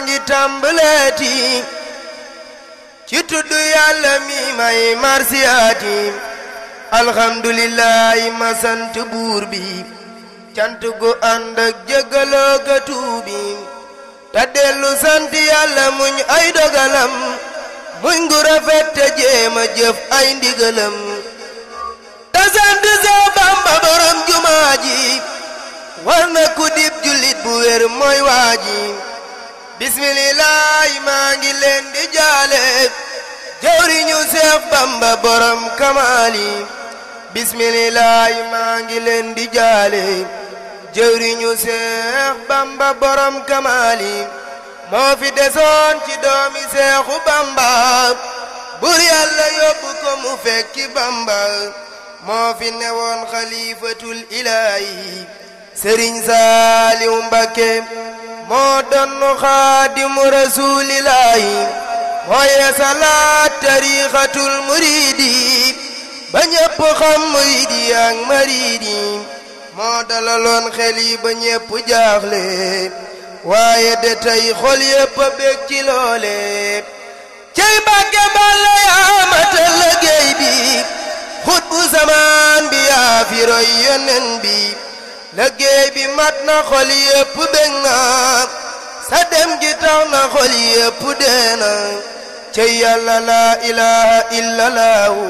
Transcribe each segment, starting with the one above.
maa ngi tàmbaleeti ci tudd yàlla mi may marsiyaati alhamdulillahi ma sant buur bi cant gu ànd ak jégaloo tuubi te dellu sant yàlla muñ ay dogalam muñ gu rafet te jéema jëf ay ndigalam te sant soo borom jumaa war na ku dib jullit bu wér mooy waa bismillah maa ngi leen di jaale Seex Bamba borom kamaali bismillah maa ngi leen di jaale jëwriñu Seex Bamba borom kamaali moo fi desoon ci doomi Seexu Bamba bur yàlla yóbbu ko fekki Bamba moo fi newoon xalifatul ilaahi Sëriñ Saaliw Mbakke moo doon xaadimu rasuulillaahi mooy salaat tariixatul muriidi ba ñépp xam muriidi ak mariidi moo dalaloon xel ba ñépp jaaxle waaye de tey xol yépp a cey Mbàkke Balla yaa matal liggéey bi xutbu bi yaa yonen bi liggéey bi mat na xol yépp bég na sa dem gi tax na xol yépp dee cey yàlla laa ilaha illa laahu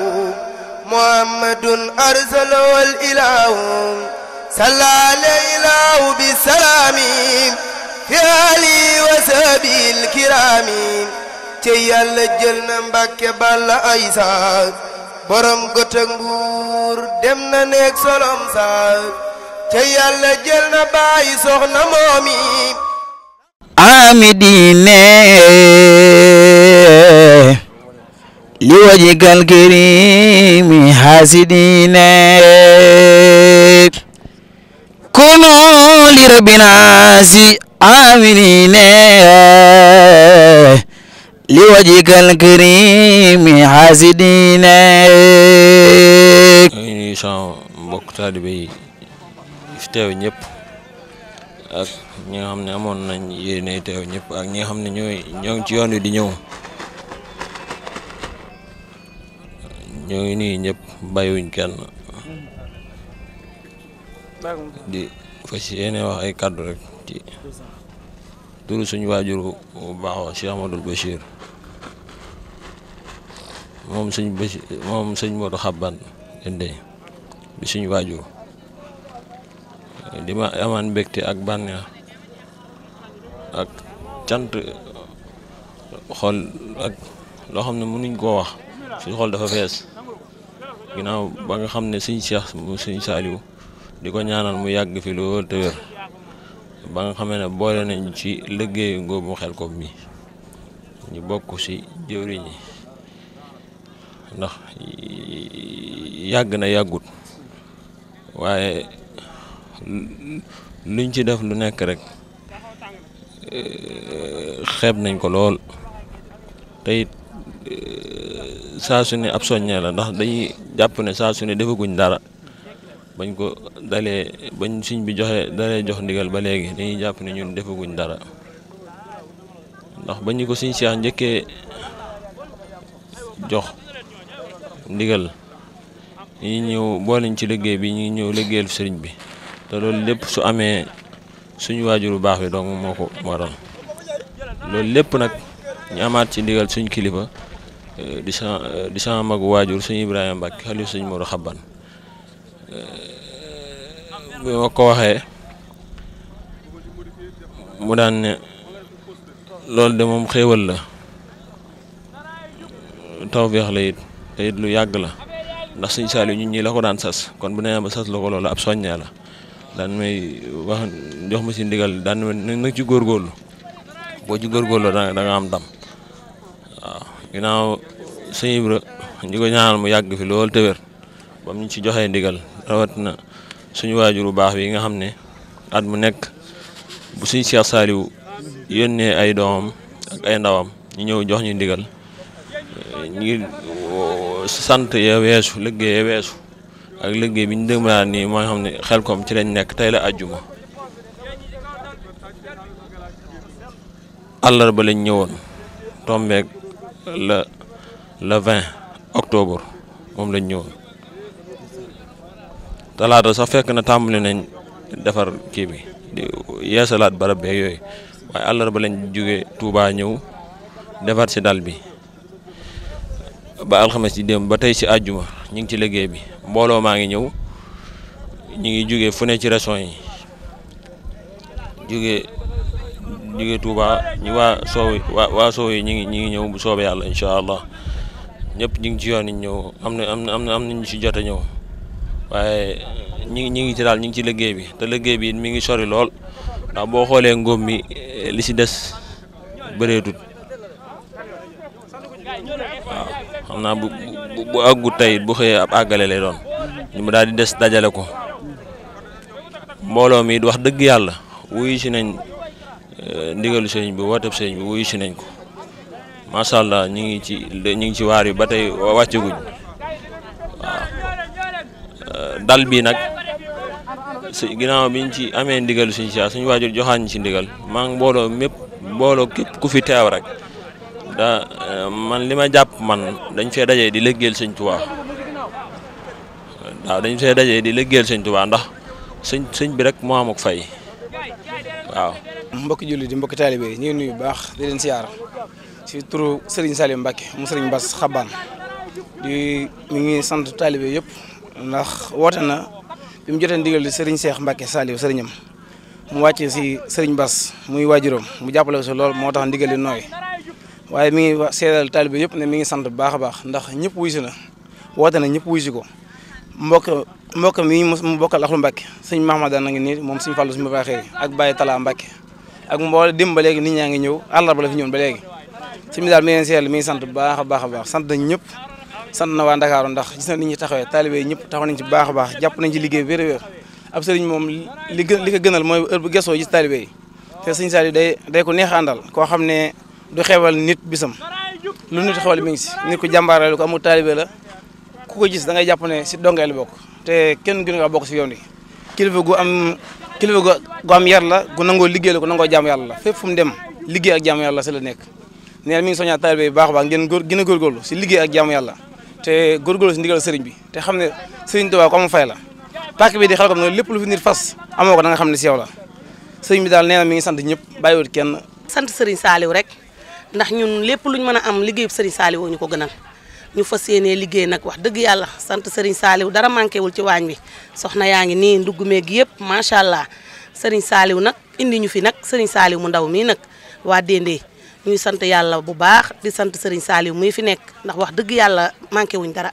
muhammadun arsalawal ilaahu salla aleylahu bi fi ali wa sabil kiraami cey yàlla jël na mbàkke balla ay borom gotëk mbuur dem na neeg solom saak ca yàlla jël na bàyyi soxna moomi amidine li wajikal kirimi hasidine kunu li teew ñëpp ak ñi nga xam ne amoon nañ yéene teew ñëpp ak ñi nga xam ne ñooy ñoo ngi ci yoon wi di ñëw ñoo ngi nii ñëpp bàyyiwuñ kenn di fas yéene wax ay kàddu rek ci turu suñu waajur bu baax wa Cheikh Amadou Bachir moom suñ Bachir moom suñ Modou Xabban di suñu waajur di ma amaan mbégte ak bànneex ak cant xol ak loo xam ne mënuñ koo wax su xol dafa fees ginnaaw ba nga xam ne sëñ Cheikh mu sëñ Saaliw di ko ñaanal mu yàgg fi lool te ba nga xamee ne boole nañ ci liggéeyu ngóobu xel ko mi ñu bokk si jëwriñ yi ndax yàgg na yàggut waaye luñ ci def lu nekk rek eh, xeeb nañ ko lool te it eh, saa su ne ab soññee la ndax dañuy jàpp ne saa su ne defaguñ dara bañ ko dalee bañ suñ bi joxe dalee jox ndigal ba léegi dañuy jàpp ne ñun defaguñ dara ndax bañ ñu ko siñ seex njëkkee jox ndigal ñi ñëw boole ñu ci liggéey bi ñu ñëw liggéeyal sëriñ bi te loolu lépp su amee suñu bu baax bi dong moo ko waral loolu lépp nag ñu amaat ci ndigal suñ kilifa euh, di sa euh, di sama magu waajur suñu Ibrahima Mbacke xalif suñu Modou Xabban euh, bi ko waxee mu daan ne loolu de moom xéewal la tawfeex la it te yit lu yàgg la ndax suñu saal ñu ñun ñii la ko daan sas kon bu nee ba sas la ko loolu ab soññee la daan may wax jox ma si ndigal daan nag ci góorgóorlu boo ci góorgóorlu da nga am ndam waaw ginnaaw sëñ Ibra ñu ko ñaanal mu yàgg fi loolu te wér ba ci joxee ndigal rawatina suñu waajur bu baax bi nga xam ne at mu nekk bu suñ Cheikh Saliou yónnee ay doomam ak ay ndawam ñu ñëw jox ñu ndigal ñu sant ya weesu liggéey ya weesu ak liggéey bi ñu dëgmalaat nii moo xam ne xel koom ci lañ nekk tey la àjjuma àllarba lañ ñëwoon tombeeg la le 20 octobre moom lañ ñëwoon talaata sax fekk na tàmbali nañ defar kii bi di yeesalaat barab beeg yooyu waaye àllarba lañ jóge Touba ñëw defar si dal bi ba alxames yi dem ba tey ci àjjuma ñu ngi ci liggéey bi mbooloo maa ngi ñëw ñu ngi jóge fu ne ci région yi jóge jóge Touba ñu waa soow waa waa soow yi ñu ngi ñu ngi ñëw bu soobee yàlla incha allah ñëpp ñu ngi ci yoon ñëw am na am na am na am nañu ci jot a ñëw waaye ñi ngi ñu ngi ci daal ñu ngi ci liggéey bi te liggéey bi mi ngi sori lool ndax boo xoolee ngóob mi eh, li ci des bëreetut waaw xam naa bu bu àggu tey bu xëyee ab àggale lay doon ñu mu daal di des dajale ko mbooloo mii it wax dëgg yàlla wuyu si nañ eh, ndigalu sëriñ bi wooteb sëriñ bi wuyu si nañ ko macha ñu ngi ci ñu ngi ci waar yi ba tey wàccaguñ waaw eh, dal bii nag si ginnaaw bi ñu ci amee ndigalu suñ si suñu waajur joxaan ñu si ndigal maa ngi mbooloo mépp mbooloo képp ku fi teew rek. da eh, man li ma jàpp man dañ fee daje di liggéeyal sëñ Tuubaa waaw dañ fee dajee di liggéeyal sëñ Tuubaa ndax sëñ sëñ bi rek moo am ak fay waaw. mbokki julli di mbokki taalibe yi ñu nuy nuyu baax di leen siyaar ci turu sëriñ Salim Mbacke mu Serigne Bass Xabaan di ngi sant taalibe yëpp ndax woote na bi mu jotee ndigal di sëriñ Cheikh Mbacke Salim sëriñam mu wàcce si sëriñ Bass muy waajuram mu jàppale ko ci lool moo tax ndigal li nooy. waaye mi ngi wax seedal taalibe yëpp ne mi ngi sant bu baax a baax ndax ñëpp wuy na woote na ñëpp wuy ko mbokk mbokk mi mu bokkal ak lu Mbàkke sëñ Mahmadaan na ngi nii moom sëñ Fàllu suñu baaxee ak Baye Talla Mbàkke ak mboole dim ba léegi nit ñaa ngi ñëw àllarba la fi ñëwoon ba léegi sëñ bi daal mi ngi seedal mi ngi sant bu baax a baax baax sant nañ ñëpp sant na waa Ndakaaru ndax gis na nit ñi taxawee taalibe yi ñëpp taxaw nañ ci baax baax jàpp nañ ci liggéey wér wér ab sëriñ moom li gën li ko gënal mooy bu gesoo gis taalibe yi te sëñ day day ko neex koo xam ne du xewal nit bisam lu nit xewal mi ngi si nit ku ko amul taalibe la ku ko gis da ngay ne si dongay la bokk te kenn gënu ko bokk si yoon wi kilifa gu am kilifa gu am yar la gu nangoo liggéey la ko nangoo jàmm yàlla la fépp fu mu dem liggéey ak jàmm yàlla si la nekk neen mi ngi soññaa taalibe yi baax baax ngeen góor gën a góorgóorlu si liggéey ak jàmm yàlla te góorgóorlu si ndigal sëriñ bi te xam ne sëriñ Tuubaa ko am fay la pàkk bi di xel comme ne lépp lu fi nit fas amoo ko da nga xam ne si yow la sëriñ bi daal mi ngi sant ñëpp bàyyiwut kenn sant sëriñ Saaliw rek ndax ñun lépp luñ mën a am liggéey liggéeyub Serigne Saliou ñu ko gënal ñu fa yéenee liggéey nag wax dëgg yàlla sant Serigne saaliw dara manqué wul ci waañ wi soxna yaa ngi nii ndugg meeg yëpp macha allah Serigne saaliw nag indi ñu fi nag Serigne Saliou mu ndaw mii nag waa Dendey ñuy sant yàlla bu baax di sant Serigne saaliw muy fi nekk ndax wax dëgg yàlla manqué wuñ dara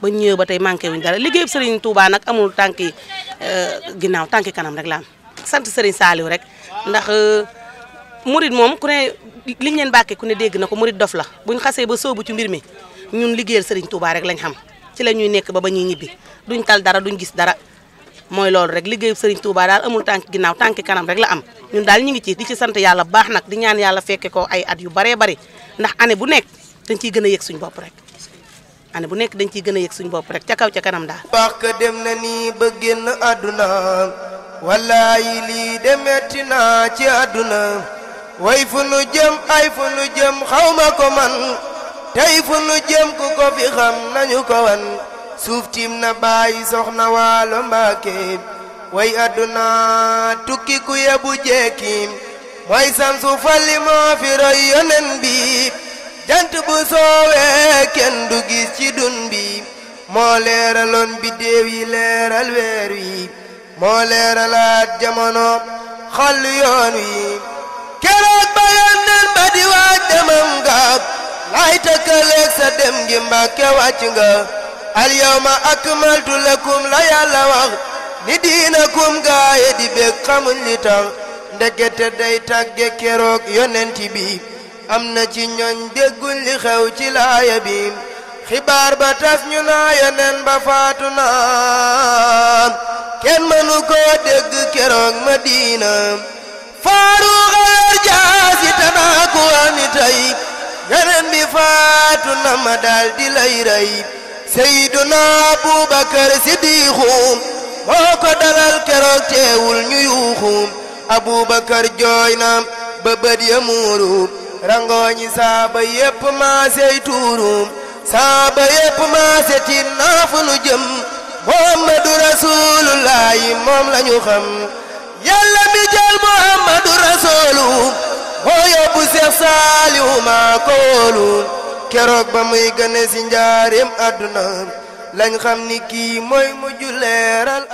ba ñëw ba tey manqué wuñ dara liggéeyub Serigne Touba nag amul tànki euh, ginnaaw tànki kanam rek la sant Serigne Saliou rek euh, murit moom ku ne liñ leen bàkkee na ko murit dof la bu xasee ba soobu ci mbir mi ñun liggéeyal sëriñ Touba rek lañ xam ci la ñuy nekk ba ba ñuy ñibbi du tal dara duñ gis dara mooy loolu rek liggéeyu sëriñ Touba daal amul tànk ginaaw tànk kanam rek la am ñun daal ñu ngi ci di ci sant yàlla baax nag di ñaan yàlla fekke ko ay at yu baree bari ndax année bu nekk dañ ciy gën a yëg suñ bop rek année bu nekk dañ ciy gën a yëg suñ rek ca kaw ca kanam daal baax ka dem na nii ba génn àdduna wallaayi lii demetti naa ci àdduna way fu nu jëm ay fu nu jëm xawma ko man tey fu nu jëm ku ko fi xam nañu ko wan suuf tiim na bàyyi soxna waalo mbaake way adduna tukki ku yebu jekkim mooy samsu falli moo fi roy yonen bi jant bu soowee kenn du gis ci dun bi moo leeraloon biddéew yi leeral weer wi moo leeralaat jamono xàll yoon wi di waaj demam nga laay tëkkaleeg sa dem gi mbàkke wàcc nga al yawma akmaltu la yàlla wax ni diinakum gaaye di bég xamuñ li tax ndekete day tàgge keroog yonent bi am na ci ñooñ dégguñ li xew ci laaya bi xibaar ba tas ñu naa yoneen ba faatu kenn mënu koo dégg keroog Madina faaruuxa yor jaasi tanaa ko ami tey faatu na ma daal di lay seyduna abubakar siddiixu moo ko dalal keroog teewul ñu abubakar jooy na ba bët saaba yépp maasey tuuru saaba yépp maase tin nu jëm muhammadu rasuulullaahi moom lañu xam a Saaliw maa ko keroog ba muy gane si njaareem àdduna lañ xam ni kii mooy mujj leeral